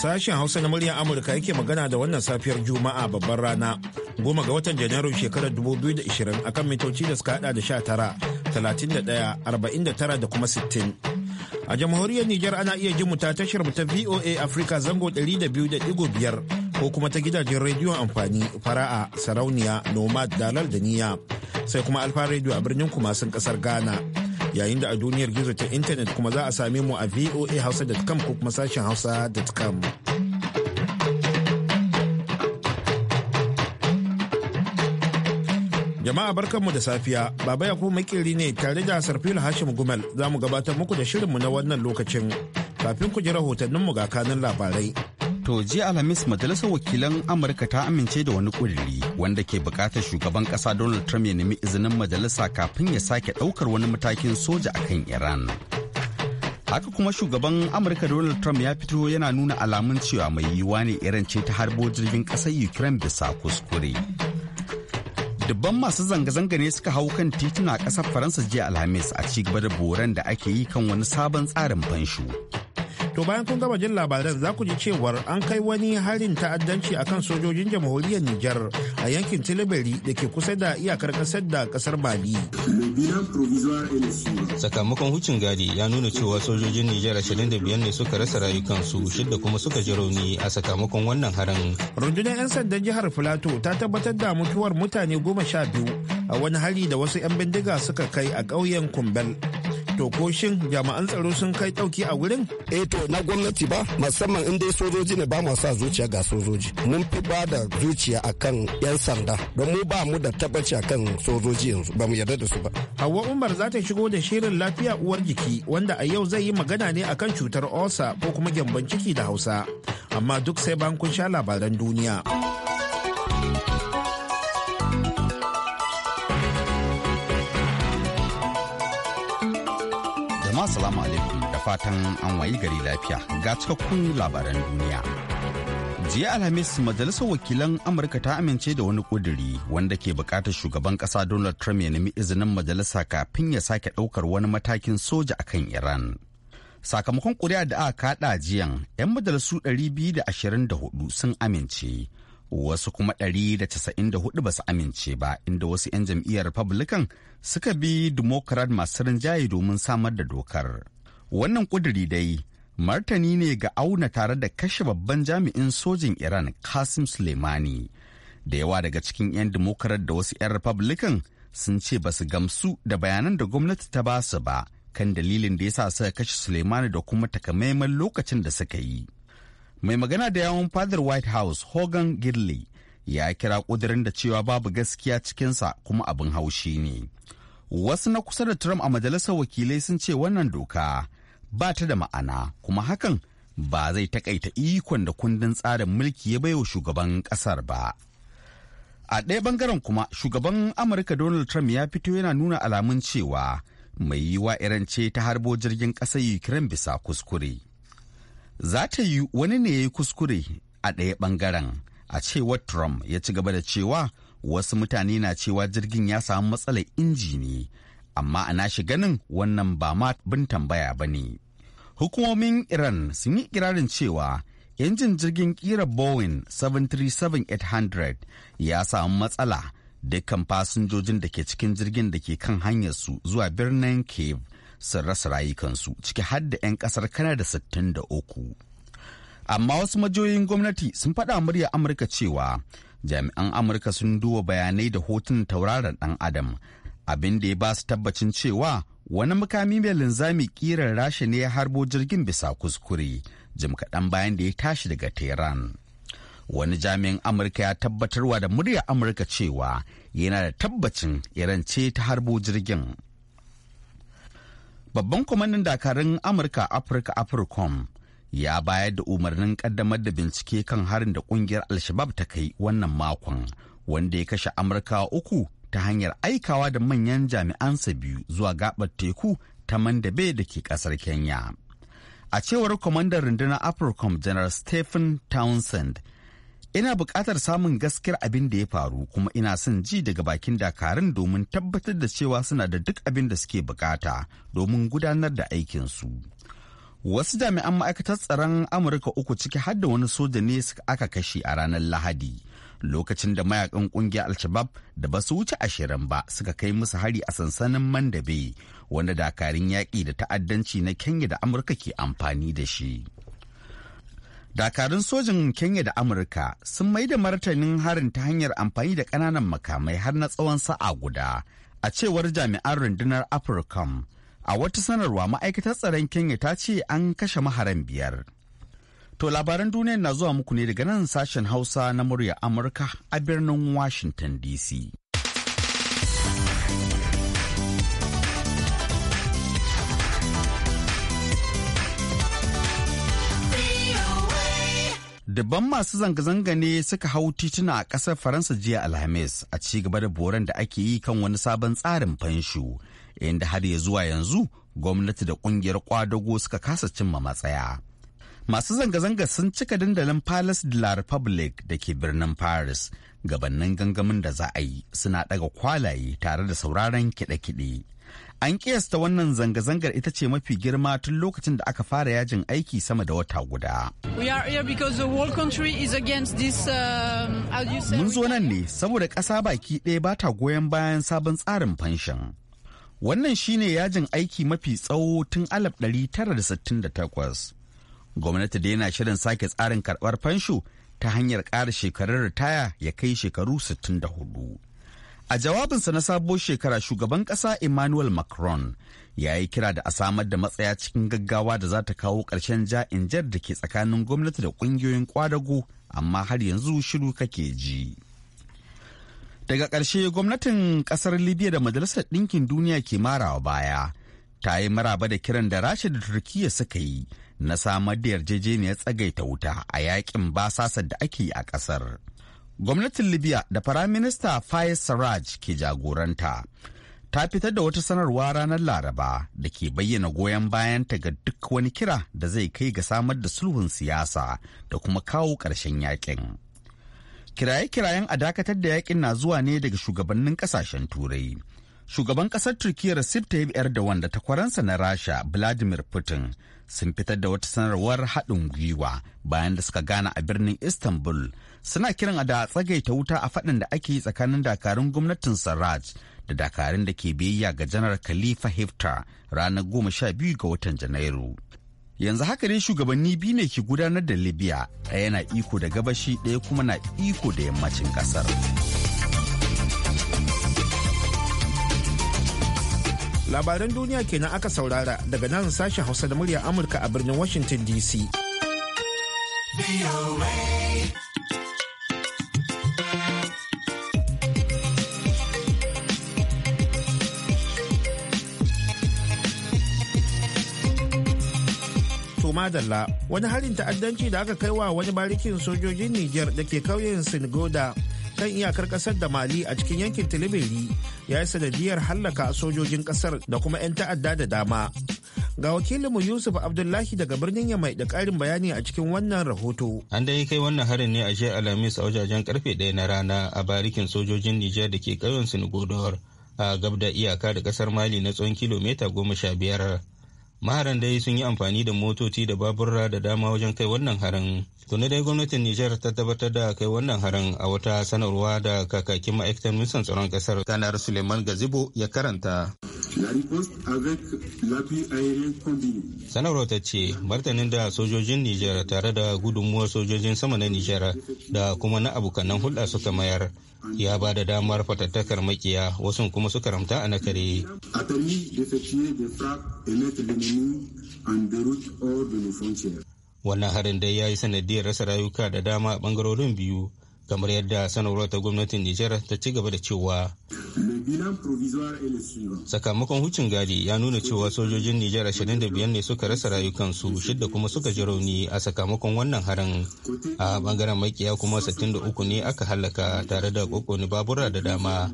Sashen Hausa na muryar Amurka yake magana da wannan safiyar Juma'a babbar rana goma ga watan Janairu shekarar 2020 akan mitoci da suka hada da 19, 31, 49 da kuma 60. A jamhuriyar Nijar ana iya jin ta tashar ta VOA Africa zango da da biyu biyar ko kuma ta gidajen rediyon amfani fara'a sarauniya nomad dalar da niya sai kuma alfa rediyo a birnin kumasin kasar Ghana yayin da a duniyar gizo ta intanet kuma za a same mu a voahausa.com ko kuma sashen hausa.com. Jama'a barkanmu da safiya, Baba Yakubu makeri ne tare da Sarfil Hashim Gumel za mu gabatar muku da shirinmu na wannan lokacin. Kafin ku ji rahotanninmu ga kanin labarai. to jiya alhamis majalisar wakilan amurka ta amince da wani ƙudiri wanda ke bukatar shugaban ƙasa donald trump ya nemi izinin majalisa kafin ya sake ɗaukar wani matakin soja akan iran haka kuma shugaban amurka donald trump ya fito yana nuna alamun cewa mai yiwuwa ne iran ce ta harbo jirgin ƙasar ukraine bisa kuskure dubban masu zanga-zanga ne suka hau kan tituna ƙasar faransa jiya alhamis a ci gaba da boran da ake yi kan wani sabon tsarin fanshu To bayan kun gama jin labaran za ku ji cewar an kai wani harin ta'addanci a kan sojojin jamhuriyar Nijar a yankin Tilibiri da ke kusa da iyakar kasar da kasar Mali. Sakamakon hucin gadi ya nuna cewa sojojin Nijar 25 ne suka rasa rayukansu shidda kuma suka ji rauni a sakamakon wannan harin. Rundunar 'yan sandan jihar Filato ta tabbatar da mutuwar mutane goma sha biyu a wani hari da wasu 'yan bindiga suka kai a ƙauyen Kumbel. To ko shin jami'an tsaro sun kai ɗauki a wurin? Eh to na gwamnati ba musamman in dai sojoji ne ba mu sa zuciya ga sojoji. Mun fi ba da zuciya akan 'yan sanda don mu ba mu da tabbaci akan sojoji yanzu ba mu yarda da su ba. Hauwa Umar za ta shigo da shirin lafiya uwar jiki wanda a yau zai yi magana ne akan cutar osa ko kuma gyambon ciki da Hausa. Amma duk sai bayan kun sha labaran duniya. Assalamu alaikum da fatan an wayi gari lafiya ga cikakkun labaran duniya. Jiya Alhamis Majalisar Wakilan Amurka ta amince da wani ƙuduri wanda ke buƙatar shugaban ƙasa Donald Trump ya nemi izinin majalisa kafin ya sake ɗaukar wani matakin soja a kan Iran. Sakamakon ƙuri'a da aka kaɗa jiyan, 'yan majalisu 224 sun amince wasu kuma 194 ba su amince ba inda wasu 'yan jam'iyyar republican suka bi democrat masu rinjaye domin samar da dokar wannan kuduri dai martani ne ga auna tare da kashe babban jami'in sojin iran kasim suleimani da yawa daga cikin 'yan democrat da wasu 'yan republican sun ce ba su gamsu da bayanan da gwamnati ta ba su ba kan dalilin da ya sa suka kashe suleimani da kuma takamaiman lokacin da suka yi mai magana da yawon fadar white house hogan gidley ya kira kudirin da cewa babu gaskiya cikinsa kuma abin haushi ne wasu na kusa da trump a majalisar wakilai sun ce wannan doka ba ta da ma'ana kuma hakan ba zai takaita ikon da kundin tsarin mulki ya baiwa shugaban kasar ba a ɗaya bangaren kuma shugaban amurka donald trump ya fito yana nuna alamun cewa mai yiwa irance ta harbo jirgin ƙasar ukraine bisa kuskure za ta yi wani ne ya yi kuskure a ɗaya ɓangaren a cewar trump ya ci gaba da cewa wasu mutane na cewa jirgin ya samu matsalar inji ne amma ana shi ganin wannan ba ma bin tambaya ba ne hukumomin iran sun yi kirarin cewa injin jirgin kira boeing 737-800 ya samu matsala dukkan fasinjojin da ke cikin jirgin da ke kan hanyarsu zuwa birnin cave sun rasa rayukansu ciki har da 'yan kasar Kanada 63. Amma wasu majoyin gwamnati sun faɗa murya Amurka cewa jami'an Amurka sun duba bayanai da hotunan tauraron ɗan Adam abin da ya ba su tabbacin cewa wani mukami mai linzami kiran rasha ne ya harbo jirgin bisa kuskure jim kaɗan bayan da ya tashi daga tehran wani jami'in amurka ya tabbatarwa da murya amurka cewa yana da tabbacin iran ce ta harbo jirgin Babban kwamandan dakarun Amurka Afirka Africom ya bayar da umarnin kaddamar da bincike kan harin da kungiyar Alshabab ta kai wannan makon wanda ya kashe Amurka uku ta hanyar aikawa da manyan jami'ansa biyu zuwa gabar teku ta Mandabe da ke kasar Kenya. A cewar kwamandan rundunar Africom General Stephen Townsend ina buƙatar samun gaskiyar abin da ya faru kuma ina son ji daga bakin dakarun domin tabbatar da cewa suna da duk abin da suke bukata domin gudanar da aikinsu wasu jami'an ma'aikatar tsaron amurka uku ciki har da wani soja ne aka kashe a ranar lahadi lokacin da mayakan kungiyar alshabab da ba su wuce ashirin ba suka kai musu hari a sansanin mandabe wanda dakarun yaƙi da ta'addanci na kenya da amurka ke amfani da shi dakarun sojin kenya da amurka sun mai da martanin harin ta hanyar amfani da ƙananan makamai har na tsawon sa'a guda a cewar jami'an rundunar africom a wata sanarwa ma'aikatar tsaron kenya ta ce an kashe maharan biyar to labaran duniya na zuwa muku ne daga nan sashen hausa na murya amurka a birnin washington dc Dabban masu zanga-zanga ne suka hau tituna a ƙasar Faransa jiya Alhamis a ci gaba da boran da ake yi kan wani sabon tsarin fanshu, inda har ya zuwa yanzu gwamnati da ƙungiyar ƙwadago suka kasa cimma matsaya. Masu zanga-zanga sun cika dandalin Palace de la Republic da ke birnin Paris, gabannin gangamin da za a yi suna ɗaga kwalaye tare da sauraron kiɗe-kiɗe. An kiyasta wannan zanga-zangar ita ce mafi girma tun lokacin da aka fara yajin aiki sama da wata guda. Um, Mun zo nan ne saboda ƙasa baki ɗaya ba ta goyon bayan sabon tsarin fanshon. Wannan shi ne yajin aiki mafi tsawo tun 1968. Gwamnati da yana shirin sake tsarin karɓar fansho ta hanyar ƙara shekarun ritaya ya kai shekaru 64. A jawabinsa na Sabo shekara shugaban ƙasa Emmanuel Macron ya yi kira da a samar da matsaya cikin gaggawa da za ta kawo ƙarshen ja'in jar da ke tsakanin gwamnati da ƙungiyoyin ƙwadago. amma har yanzu shiru kake ji. Daga ƙarshe gwamnatin ƙasar Libya da Majalisar Ɗinkin Duniya ke marawa baya ta yi maraba da kiran da Rasha da Turkiyya suka yi na samar da yarjejeniyar tsagaita wuta a yakin basasar da ake yi a ƙasar. gwamnatin libya da firaminista fayez sarraj ke jagoranta ta fitar da wata sanarwa ranar laraba da ke bayyana goyon bayan ta ga duk wani kira da zai kai ga samar da sulhun siyasa da kuma kawo ƙarshen yakin kiraye-kirayen a dakatar da yakin na zuwa ne daga shugabannin kasashen turai shugaban ƙasar turkiyya recep tayyip erdogan da takwaransa na rasha vladimir putin sun fitar da wata sanarwar haɗin gwiwa bayan da suka gana a birnin istanbul suna kiran da tsagaita wuta a faɗin da ake yi tsakanin dakarun gwamnatin sarraj da dakarun da ke biyayya ga janar khalifa hiftar ranar goma sha biyu ga watan janairu yanzu haka ne shugabanni biyu ne ke gudanar da libya ɗaya na iko da gabashi ɗaya kuma na iko da yammacin ƙasar. labaran duniya kenan aka saurara daga nan sashen hausa da murya amurka a birnin washington dc madalla wani harin ta'addanci da aka kai wa wani barikin sojojin niger da ke kauyen sinigoda kan iyakar kasar da mali a cikin yankin tilibiri ya yi sanadiyar hallaka sojojin kasar da kuma 'yan ta'adda da dama ga wakilinmu yusuf abdullahi daga birnin yamai da karin bayani a cikin wannan rahoto an dai kai wannan harin ne a jiya alhamis a wajajen karfe ɗaya na rana a barikin sojojin nijar da ke ƙauyen singodor a gabda iyaka da kasar mali na tsawon kilomita goma sha biyar maharan dai sun yi amfani da motoci da baburra da dama wajen kai wannan harin tuni dai gwamnatin nijar ta tabbatar da kai wannan harin a wata sanarwa da kakakin ma'aikatan minisan tsaron kasar kanar suleiman gazibo ya karanta sanarwa ta ce martanin da sojojin nijar tare da gudunmuwar sojojin sama na nijar da kuma na abokanan hulɗa suka mayar ya ba da damar fatattakar makiya wasu kuma su karamta a nakare. Wannan harin dai ya yi sanadiyar rasa rayuka da dama a ɓangarorin biyu kamar yadda sanarwar ta gwamnatin Nijar ta ci gaba da cewa Sakamakon hucin gadi ya nuna cewa sojojin Nijar 25 ne suka rasa rayukansu shidda kuma suka ji rauni a sakamakon wannan harin. A bangaren makiya kuma 63 ne aka halaka tare da kokoni babura da dama.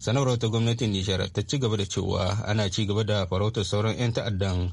Sanarwar ta gwamnatin Nijar ta ci gaba da cewa ana ci gaba da farautar sauran 'yan ta'addan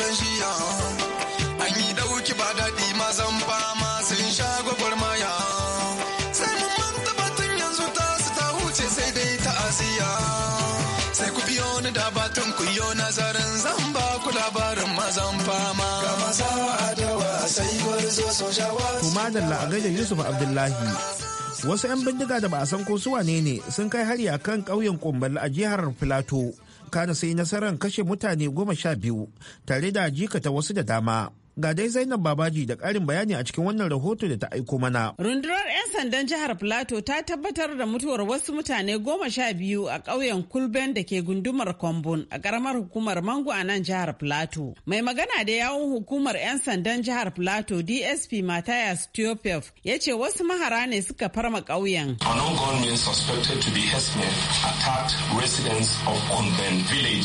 shan shiya an yi dauki ba daɗi mazan fama sun sha maya sai mun manta batun yanzu ta su ta huce sai dai ta asiya sai ku biyo ni da batun ku yo nazarin zan ba ku labarin mazan fama ga maza adawa sai yusuf abdullahi wasu 'yan bindiga da ba a san ko su wane ne sun kai hari a kan ƙauyen kumbal a jihar filato kana sai nasarar kashe mutane goma sha biyu tare da jikata wasu da dama Ga dai Zainab Babaji da karin bayani a cikin wannan rahoto da ta aiko mana. Rundunar 'yan sandan jihar Plateau ta tabbatar da mutuwar wasu mutane goma sha biyu a ƙauyen Kulben da ke gundumar Kwambon a karamar hukumar Mango a nan jihar Plateau. Mai magana da yawun hukumar 'yan sandan jihar Plateau DSP Matthias Tiopiev ya ce wasu mahara ne suka farma ƙauyen.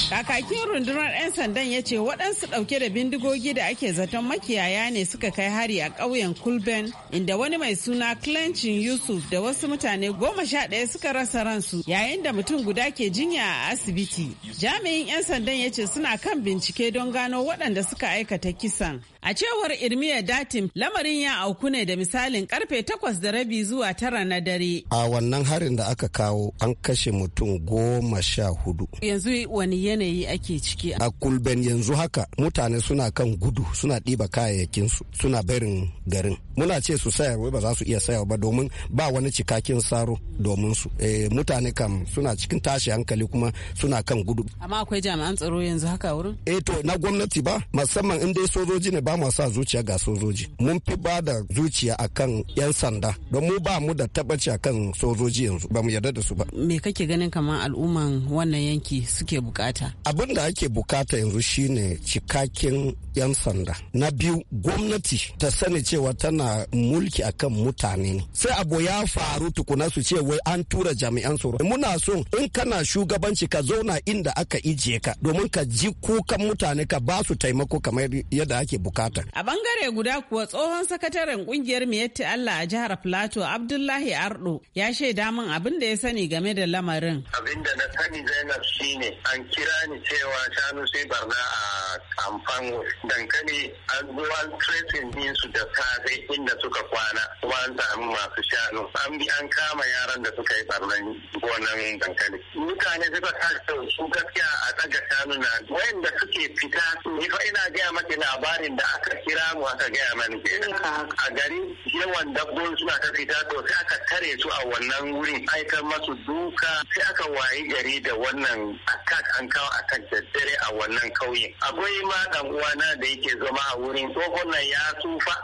Kakakin rundunar 'yan sandan ya ce waɗansu ɗauke da bindigogi da ake zata. rahoton makiyaya ne suka kai hari a ƙauyen Kulben inda wani mai suna Clenchin Yusuf da wasu mutane goma sha ɗaya suka rasa ransu yayin da mutum guda ke jinya a asibiti. Jami'in 'yan sandan ya ce suna kan bincike don gano waɗanda suka aikata kisan. A cewar Irmiya datin, lamarin ya auku ne da misalin karfe takwas da rabi zuwa tara na dare. A wannan harin da aka kawo an kashe mutum goma sha hudu. Yanzu wani yanayi ake ciki. A kulben yanzu haka mutane suna kan gudu suna ɗiba kayayyakinsu suna barin garin. Muna ce su sayar ba za su iya sayar ba domin ba wani cikakin saro domin su. Eh, mutane kam suna cikin tashi hankali kuma suna kan gudu. Amma akwai jami'an tsaro yanzu haka wurin? Eh to na gwamnati ba musamman in dai sojoji ne ba mu sa zuciya ga sojoji mun fi ba da zuciya akan yan sanda don mu ba mu da tabbaci akan sojoji yanzu ba mu yarda da su ba me kake ganin kamar al'umman wannan yanki suke bukata abin da ake bukata yanzu shine cikakken yan sanda na biyu gwamnati ta sani cewa tana mulki akan mutane ne sai abu ya faru tukuna su ce wai an tura jami'an tsoro muna so in kana shugabanci ka zauna inda aka ijiye ka domin ka ji kukan mutane ka ba su taimako kamar yadda ake bukata A bangare guda kuwa tsohon sakataren kungiyar Miyatti Allah a jihar Plateau Abdullahi Ardo ya shaida min abin da ya sani game da lamarin. Abin da na sani Zainab shine an kira ni cewa shanu sai barna a kamfan dankali an zo an tracing su da safe inda suka kwana kuma an samu masu shanu an bi an kama yaran da suka yi barnan gonan dankali. Mutane suka tashi su gaskiya a tsaga shanu na wayanda suke fita ni fa ina gaya maka labarin da aka kira mu aka gaya mani ke a gari yawan dabbobin suna ta fita to sai aka tare su a wannan wurin aikar masu duka sai aka wayi gari da wannan attack an kawo attack da dare a wannan kauye akwai ma dan uwana da yake zama a wurin tsohon nan ya tsufa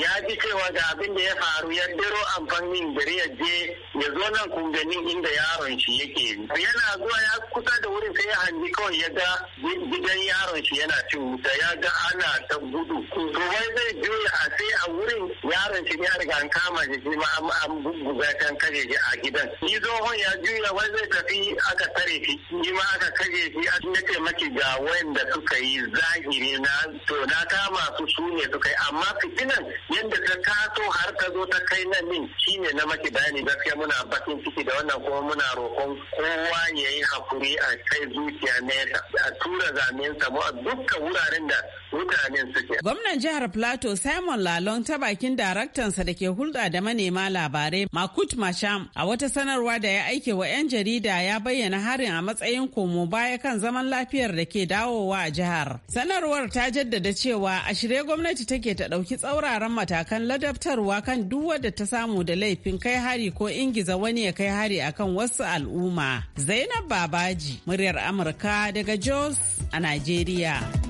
ya ji cewa ga abin da ya faru ya dero amfanin gari ya je ya zo nan kun ganin inda yaron shi yake yana zuwa ya kusa da wurin sai ya hangi kawai ya ga gidan yaron shi yana cin wuta ya ga ana ta gudu to wai zai juya a sai a wurin yaron shi ya riga an kama shi shi ma an bubbuga kan kaje shi a gidan ni zohon ya juya wai zai tafi aka tare shi ni ma aka kaje shi a na taimaki ga wanda suka yi zahiri na to na kama su su ne suka yi amma fitinan yadda ta taso har ta zo ta kai nan min shine na maki bayani gaskiya muna bakin ciki da wannan kuma muna roƙon kowa ya yi hakuri a kai zuciya nesa a tura zamensa samu a dukkan wuraren da Gwamnan jihar Plateau Simon lalon ta bakin daraktansa da ke hulɗa da manema labarai Makut Masham a wata sanarwa da ya aike wa 'yan jarida ya bayyana harin a matsayin komo baya kan zaman lafiyar da ke dawowa a jihar. Sanarwar ta jaddada cewa a shirye gwamnati take ta ɗauki tsauraran matakan ladabtarwa kan duk wadda ta samu da laifin kai hari ko ingiza wani ya kai hari akan wasu al'umma. Zainab Babaji, muryar Amurka daga Jos a Najeriya.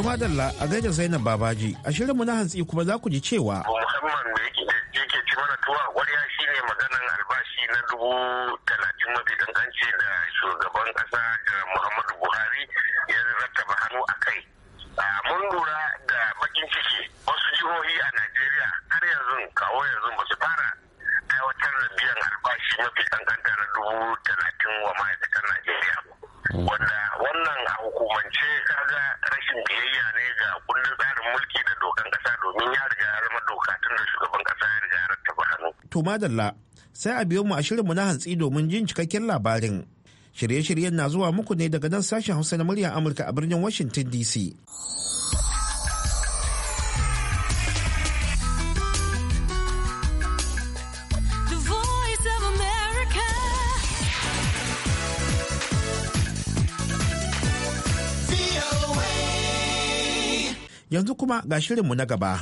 To madalla a gaida Zainab Babaji a shirinmu na hantsi kuma za ku ji cewa. Musamman da yake ci mana tuwa ƙwarya shine ne maganan albashi na dubu talatin mafi ƙanƙanci da shugaban ƙasa to madalla sai a biyo mu a shirinmu na hantsi domin jin cikakken labarin. Shirye-shiryen na zuwa muku ne daga nan sashen Hausa na muryar Amurka a birnin Washington DC. Yanzu kuma ga shirinmu na gaba.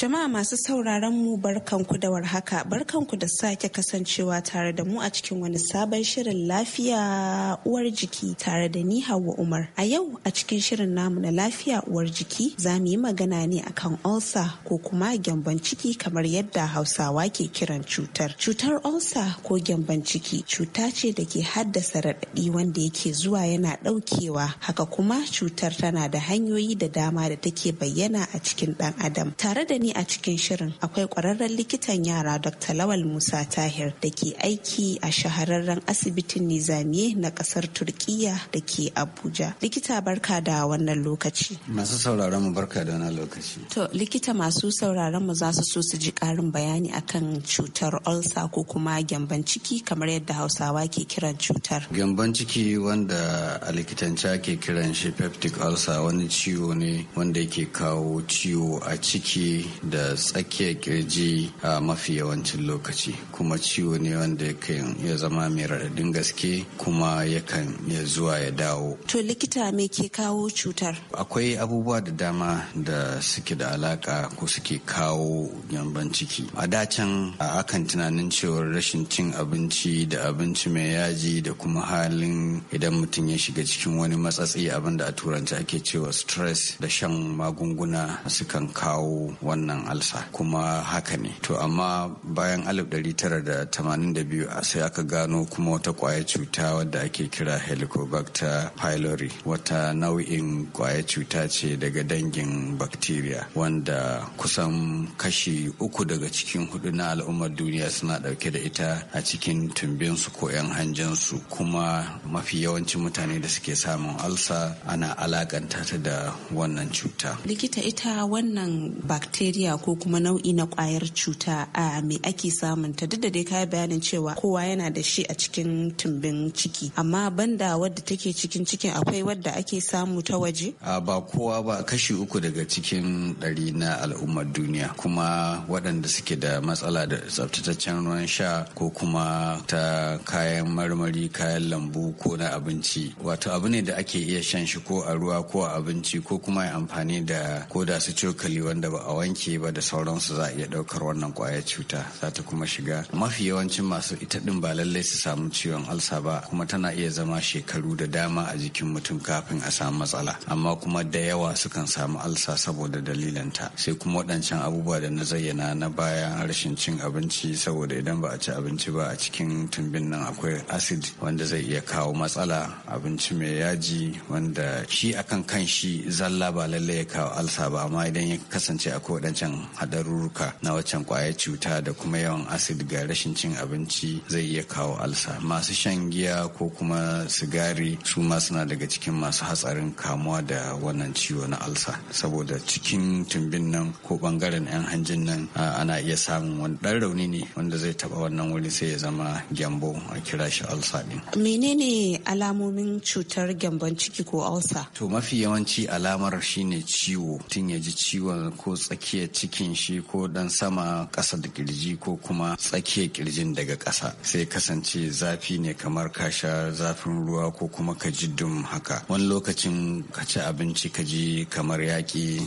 Jama'a masu sauraron mu barkanku da warhaka barkanku da sake kasancewa tare da mu a cikin wani sabon shirin lafiya uwar jiki tare da ni Hauwa Umar. A yau a cikin shirin namu na lafiya uwar jiki za mu yi magana ne akan ulcer ko kuma Gyambon ciki kamar yadda Hausawa ke kiran cutar. Cutar ulcer ko Gyambon ciki cuta ce da ke haddasa raɗaɗi wanda yake zuwa yana ɗaukewa haka kuma cutar tana da hanyoyi da dama da take bayyana a cikin ɗan adam. Tare da ni gani a cikin shirin akwai kwararren likitan yara Dr. Lawal Musa Tahir da ke aiki a shahararren asibitin Nizamiye na kasar Turkiya da ke Abuja. Likita barka da wannan lokaci. Masu sauraron mu barka da wannan lokaci. To likita masu sauraron mu za su so su ji karin bayani akan cutar ulcer ko kuma gyamban ciki kamar yadda Hausawa ke kiran cutar. Gyamban ciki wanda a likitance ake kiran shi peptic ulcer wani ciwo ne wanda yake kawo ciwo a ciki da tsakiyar kirji a mafi yawancin lokaci kuma ciwo ne wanda yakan ya zama mai raɗaɗin gaske kuma yakan ya zuwa ya dawo. To likita me ke kawo cutar? Akwai abubuwa da dama da suke da alaka ko suke kawo yamban ciki. A a akan tunanin cewar rashin cin abinci da abinci mai yaji da kuma halin idan mutum ya shiga cikin wani matsatsi abin da a turanci ake cewa stress da shan magunguna sukan kawo wannan wannan alsa kuma haka ne to amma bayan 1982 a sai aka gano kuma wata kwaya cuta wadda ake kira helicobacter pylori wata nau'in kwaya cuta ce daga dangin bacteria wanda kusan kashi uku daga cikin hudu na al'ummar duniya suna dauke da ita a cikin tumbinsu ko 'yan hanjinsu kuma mafi yawancin mutane da suke samun alsa ana alakanta ta da wannan cuta likita ita wannan bacteria bacteria ko kuma nau'i na kwayar cuta a me ake samun ta duk da dai kayan bayanin cewa kowa yana da shi a cikin tumbin ciki amma banda wadda take cikin cikin akwai wadda ake samu ta waje a ba kowa ba kashi uku daga cikin ɗari na al'ummar duniya kuma waɗanda suke da matsala da tsaftataccen ruwan sha ko kuma ta kayan marmari kayan lambu ko na abinci wato abu ne da ake iya shan shi ko a ruwa ko a abinci ko kuma amfani da koda su cokali wanda ba a wanke wanke ba da sauransu za a iya ɗaukar wannan kwayar cuta za ta kuma shiga mafi yawancin masu ita ɗin ba lallai su samu ciwon alsa ba kuma tana iya zama shekaru da dama a jikin mutum kafin a samu matsala amma kuma da yawa sukan samu alsa saboda dalilanta sai kuma waɗancan abubuwa da na zayyana na baya rashin cin abinci saboda idan ba a ci abinci ba a cikin tumbin nan akwai acid wanda zai iya kawo matsala abinci mai yaji wanda shi akan kan shi zalla ba lallai ya kawo alsa ba amma idan ya kasance akwai waɗancan hadarurruka na waccan kwayar cuta da kuma yawan acid ga rashin cin abinci zai iya kawo alsa masu shan giya ko kuma sigari su ma suna daga cikin masu hatsarin kamuwa da wannan ciwo na alsa saboda cikin tumbin nan ko bangaren yan hanjin nan ana iya samun wani ɗan rauni ne wanda zai taba wannan wuri sai ya zama gyambo a kira shi alsa ɗin. menene alamomin cutar gyambon ciki ko alsa to mafi yawanci alamar shine ciwo tun ya ji ciwon ko tsakiya tsakiyar cikin shi ko dan sama ƙasa da kirji ko kuma tsakiyar kirjin daga ƙasa sai kasance zafi ne kamar ka sha zafin ruwa ko kuma ka ji dum haka wani lokacin ka ci abinci ka ji kamar yaƙi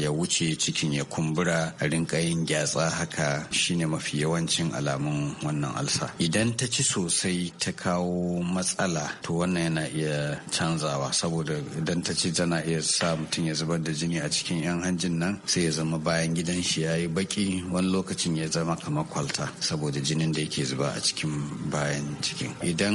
ya wuce cikin ya kumbura a rinka yin gyatsa haka shine mafi yawancin alamun wannan alsa idan ta ci sosai ta kawo matsala to wannan yana iya canzawa saboda idan ta ci tana iya sa mutum ya zubar da jini a cikin yan hanjin nan sai ya zama bayan gidan shi ya yi baki wani lokacin ya zama kamar kwalta saboda jinin da yake zuba a cikin bayan cikin idan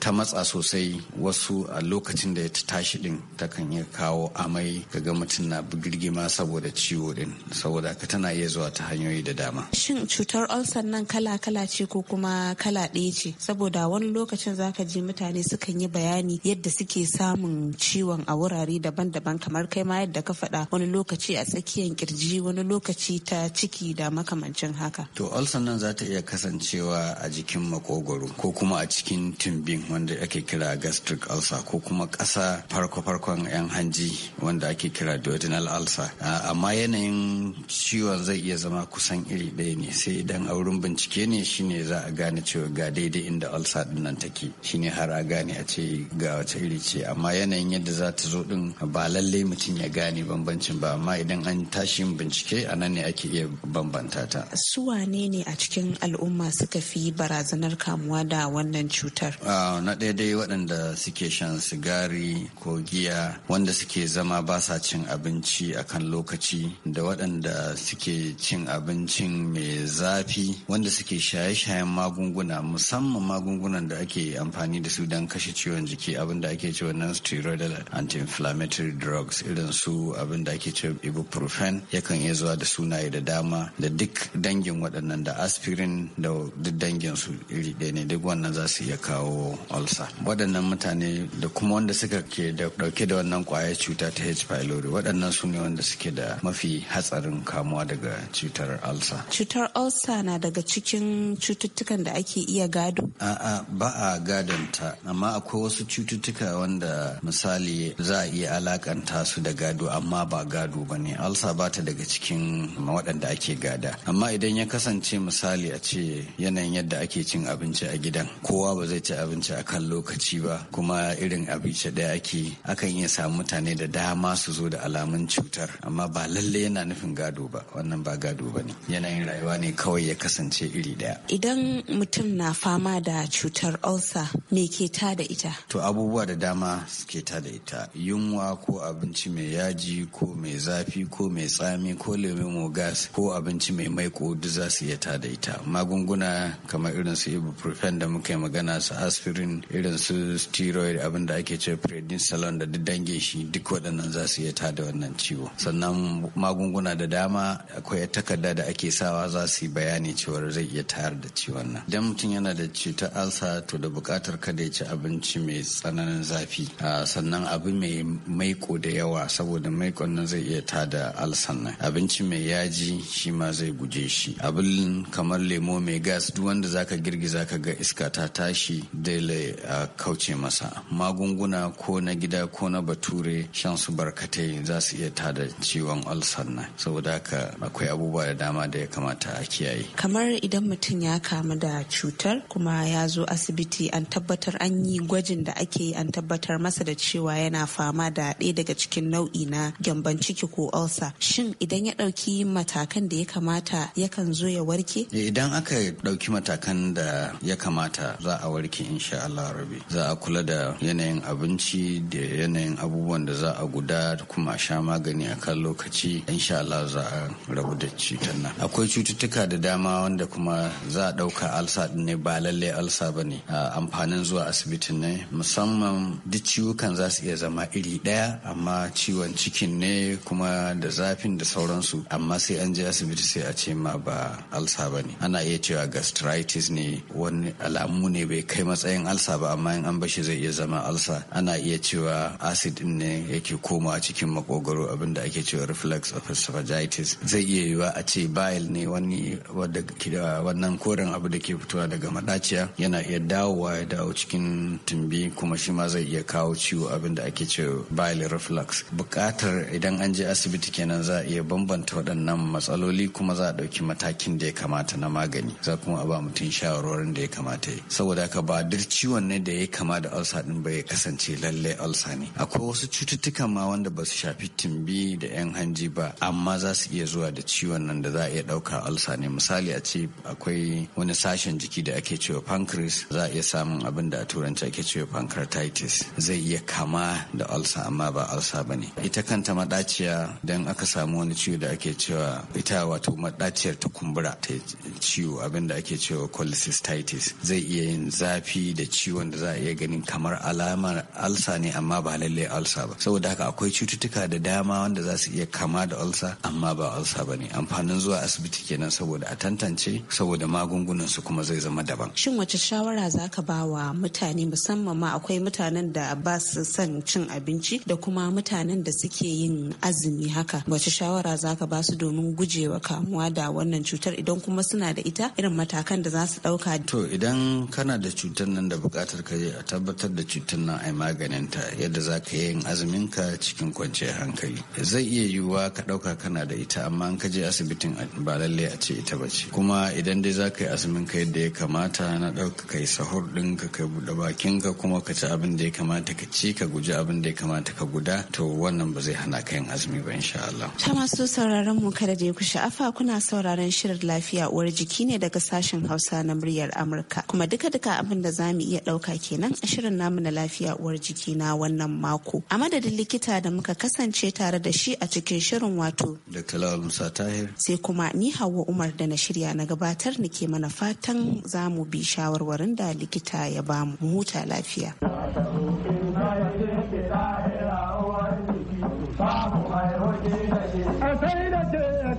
ta matsa sosai wasu a lokacin da ta tashi din takan iya kawo amai kaga mutum na girgima saboda ciwo din saboda ka tana iya zuwa ta hanyoyi da dama shin cutar ulcer nan kala kala ce ko kuma kala ɗaya ce saboda wani lokacin zaka ji mutane sukan yi bayani yadda suke samun ciwon a wurare daban-daban kamar kai ma yadda ka faɗa wani lokaci a tsakiyar kirji wani lokaci ta ciki da makamancin haka. To ulcer nan za ta iya kasancewa a jikin makogwaro ko kuma a cikin tumbin wanda ake kira gastric ulcer ko kuma ƙasa farko-farkon 'yan hanji wanda ake kira duodenal ulcer. Amma yanayin ciwon zai iya zama kusan iri ɗaya ne sai idan a wurin bincike ne shine za a gane cewa ga daidai inda ulcer din nan take shine har a gane a ce ga wace iri ce amma yanayin yadda za ta zo din ba lallai mutum ya gane bambancin ba amma idan an tashi bincike bincike a nan ne ake iya bambanta ta su wane ne a cikin al'umma suka fi barazanar kamuwa da wannan cutar ah, na daidai waɗanda suke shan sigari ko giya wanda suke zama ba sa cin abinci a kan lokaci da waɗanda suke cin abincin mai zafi wanda suke shaye-shayen magunguna musamman magungunan da ake amfani da su don kashe ciwon jiki abin da ake cewa non steroidal anti-inflammatory drugs irin su abin da ake cewa ibuprofen yakan iya zuwa da sunaye da dama da duk dangin waɗannan da aspirin da duk dangin su iri ɗaya ne duk wannan za su iya kawo ulcer waɗannan mutane da kuma wanda suka ke da ɗauke da wannan ƙwayar cuta ta H pylori waɗannan su ne wanda suke da mafi hatsarin kamuwa daga cutar ulcer cutar ulcer na daga cikin cututtukan da ake iya gado a'a ba a gadon ta amma akwai wasu cututtuka wanda misali za a iya alakanta su da gado amma ba gado ba ne alsa ba ta daga cikin waɗanda ake gada amma idan ya kasance misali a ce yanayin yadda ake cin abinci a gidan kowa ba zai ci abinci a kan lokaci ba kuma irin abinci ɗaya ake akan iya samu mutane da dama su zo da alamun cutar amma ba lalle yana nufin gado ba wannan ba gado ba ne yanayin rayuwa ne kawai ya kasance iri ɗaya idan mutum na fama da cutar ulcer me ke ta da ita to abubuwa da dama suke ta da ita yunwa ko abinci mai yaji ko mai zafi ko mai tsami ko lemun gas ko abinci mai maiko duk za su iya tada ita magunguna kamar irin su ibuprofen da muka yi magana su aspirin irin su steroid abin da ake ce prednisolone da duk dangin shi duk waɗannan za su iya tada wannan ciwo sannan magunguna da dama akwai takarda da ake sawa za su yi bayani cewar zai iya tayar da ciwon nan idan mutum yana da cutar alsa to da buƙatar kada ya ci abinci mai tsananin zafi ah, sannan abu mai maiko da yawa saboda maikon nan zai iya tada alsan nan abinci mai yaji shi ma zai guje shi abin kamar lemo mai gas duk wanda zaka girgiza ka ga iska ta tashi dole a kauce masa magunguna ko na gida ko na bature shan su barkatai za su iya tada ciwon ulcer na saboda haka akwai abubuwa da dama da ya kamata a kiyaye kamar idan mutum ya kamu da cutar kuma ya zo asibiti an tabbatar an yi gwajin da ake yi an tabbatar masa da cewa yana fama da ɗaya daga cikin nau'i na gyamban ciki ko ulcer shin idan idan ya ɗauki matakan da ya kamata yakan zo ya warke? Eh, idan aka ɗauki matakan da ya kamata za a warke insha Allah rabi. Za a kula da yanayin abinci da yanayin abubuwan da za a guda kuma a sha magani a kan lokaci insha Allah za a rabu da cutar nan. Akwai cututtuka da dama wanda kuma za a ɗauka alsa ne ba lallai alsa ba ne. Ah, amfanin zuwa asibitin ne musamman duk ciwukan za su iya zama iri ɗaya amma ciwon cikin ne kuma da zafin da sauran sauransu amma sai an je asibiti sai a ce ma ba alsa ba ne ana iya cewa gastritis ne wani alamu ne bai kai matsayin alsa ba amma in an bashi zai iya zama alsa ana iya cewa acid din ne yake koma cikin makogaro abinda ake cewa reflux of esophagitis zai iya yiwa a ce bile ne wani wannan koren abu da ke fitowa daga madaciya yana iya dawowa ya dawo cikin tumbi kuma shi ma zai iya kawo ciwo abinda ake cewa bile reflux bukatar idan an je asibiti kenan za a iya bambanta waɗannan matsaloli kuma za a ɗauki matakin da ya kamata na magani za kuma a ba mutum shawarwarin da ya kamata yi saboda haka ba duk ciwon ne da ya kama da alsa ɗin ba ya kasance lallai alsa ne akwai wasu cututtukan ma wanda ba su shafi tumbi da yan hanji ba amma za su iya zuwa da ciwon nan da za a iya ɗauka alsa ne misali a ce akwai wani sashen jiki da ake cewa pancreas za a iya samun abin da a turanci ake cewa pancreatitis zai iya kama da alsa amma ba alsa ba ne ita kanta maɗaciya don aka samu wani ciwon ciwo da ake cewa ita wato maɗaciyar ta kumbura ta ciwo abinda ake cewa cholecystitis zai iya yin zafi da ciwon da za a iya ganin kamar alamar alsa ne amma ba lalle alsa ba saboda haka akwai cututtuka da dama wanda za su iya kama da alsa amma ba alsa ba ne amfanin zuwa asibiti kenan saboda a tantance saboda magungunan su kuma zai zama daban shin wace shawara za ka ba wa mutane musamman ma akwai mutanen da ba su son cin abinci da kuma mutanen da suke yin azumi haka wace shawara za ka ba su domin gujewa kamuwa da wannan cutar idan kuma suna da ita irin matakan da za su ɗauka. To idan kana da cutar nan da bukatar ka je a tabbatar da cutar nan a maganin ta yadda za ka yi azumin ka cikin kwanciyar hankali. Zai iya yiwuwa ka ɗauka kana da ita amma in ka je asibitin ba lalle a ce ita ba ce. Kuma idan dai za ka yi azumin ka yadda ya kamata na ɗauka ka yi sahur din ka kai buɗe bakin ka kuma ka ci abin da ya kamata ka ci ka guji abin da ya kamata ka guda to wannan ba zai hana ka yin azumi ba insha'Allah. Ta masu sauraron mu kada da ku sha'afa kuna sauraron shirin lafiya uwar jiki ne daga sashen Hausa na muryar Amurka. Kuma duka duka abin da za mu iya ɗauka kenan a shirin namu na lafiya uwar jiki na wannan mako. A madadin likita da muka kasance tare da shi a cikin shirin wato. da talawar Musa Tahir. Sai kuma ni Hauwa Umar da na shirya na gabatar ni ke mana fatan za mu bi shawarwarin da likita ya bamu mu huta lafiya.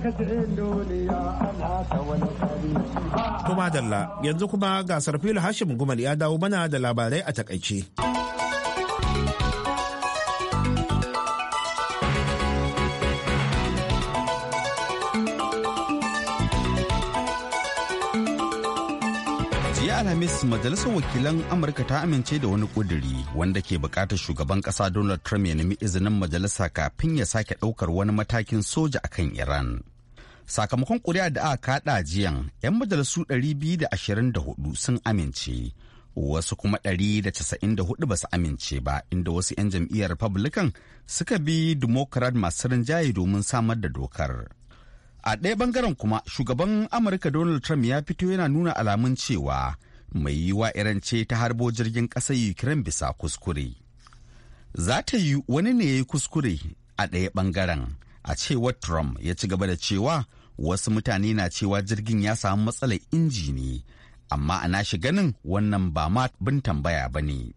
To madalla yanzu kuma gasar filo Hashim Gumal ya dawo mana da labarai a takaice. alhamis majalisar wakilan amurka ta amince da wani kuduri wanda ke buƙatar shugaban ƙasa donald trump ya nemi izinin majalisa kafin ya sake ɗaukar wani matakin soja akan iran sakamakon kuri'a da aka kaɗa jiyan 'yan majalisu 224 sun amince wasu kuma 194 ba su amince ba inda wasu 'yan jam'iyyar republican suka bi democrat masu rinjaye domin samar da dokar a ɗaya bangaren kuma shugaban amurka donald trump ya fito yana nuna alamun cewa mai yiwa iran ce ta harbo jirgin ƙasar ukraine bisa kuskure za ta yi wani ne ya yi kuskure a ɗaya bangaren a cewar trump ya ci gaba da cewa wasu mutane na cewa jirgin ya samu matsalar inji ne amma ana shi ganin wannan ba ma bin tambaya ba ne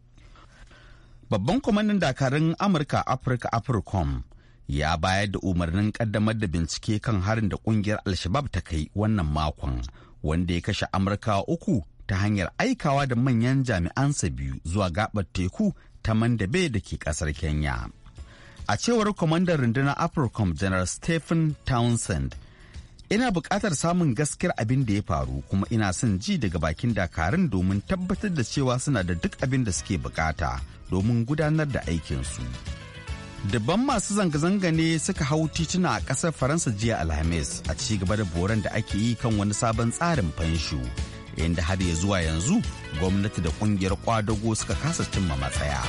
babban kwamandan dakarun amurka afirka africom ya bayar da umarnin kaddamar da bincike kan harin da kungiyar alshabab ta kai wannan makon wanda ya kashe amurka uku ta hanyar aikawa da manyan jami'ansa biyu zuwa gabar teku ta mandabe da ke kasar kenya a cewar kwamandan rundunar africom general stephen townsend ina buƙatar samun gaskiyar abin da ya faru kuma ina son ji daga bakin dakarun domin tabbatar da cewa suna da duk abin da suke bukata domin gudanar da aikinsu dabban masu zanga-zanga ne suka hau tituna a ƙasar faransa jiya alhamis a ci gaba da boran da ake yi kan wani sabon tsarin fanshu inda har ya zuwa yanzu gwamnati da ƙungiyar kwadago suka kasa cimma matsaya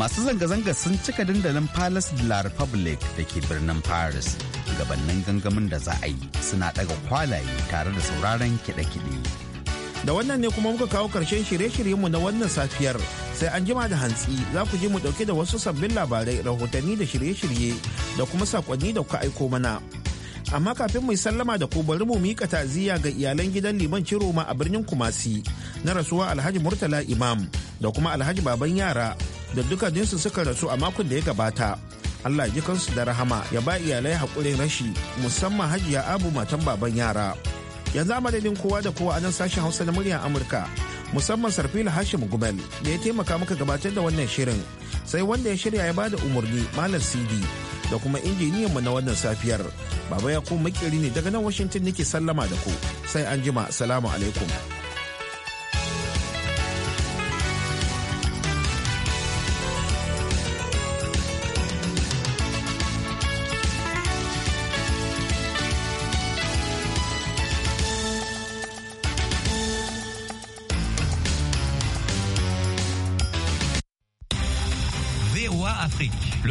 masu zanga-zanga sun cika dandalin palace de la republique da ke birnin paris gabanin gangamin da za a yi suna daga kwalaye tare da sauraron kiɗe-kiɗe da wannan ne kuma muka kawo karshen shirye shiryen mu na wannan safiyar sai an jima da hantsi za ku ji mu dauke da wasu sabbin labarai rahotanni da shirye-shirye da kuma sakonni da kuka aiko mana amma kafin mu sallama da ku bari mu mika ta'aziyya ga iyalan gidan liman ciroma a birnin kumasi na rasuwa alhaji murtala imam da kuma alhaji baban yara da duka jinsu suka rasu a makon da ya gabata allah ji kansu da rahama ya ba iyalai haƙurin rashi musamman hajiya abu matan baban yara yanzu amadadin kowa da kowa a nan sashen hausa na muryar amurka musamman sarfila hashim gubel da ya taimaka muka gabatar da wannan shirin sai wanda ya shirya ya bada umarni malam sidi da kuma injiniyanmu na wannan safiyar baba ya ku makiri ne daga nan washington nake sallama da ku sai an jima salamu alaikum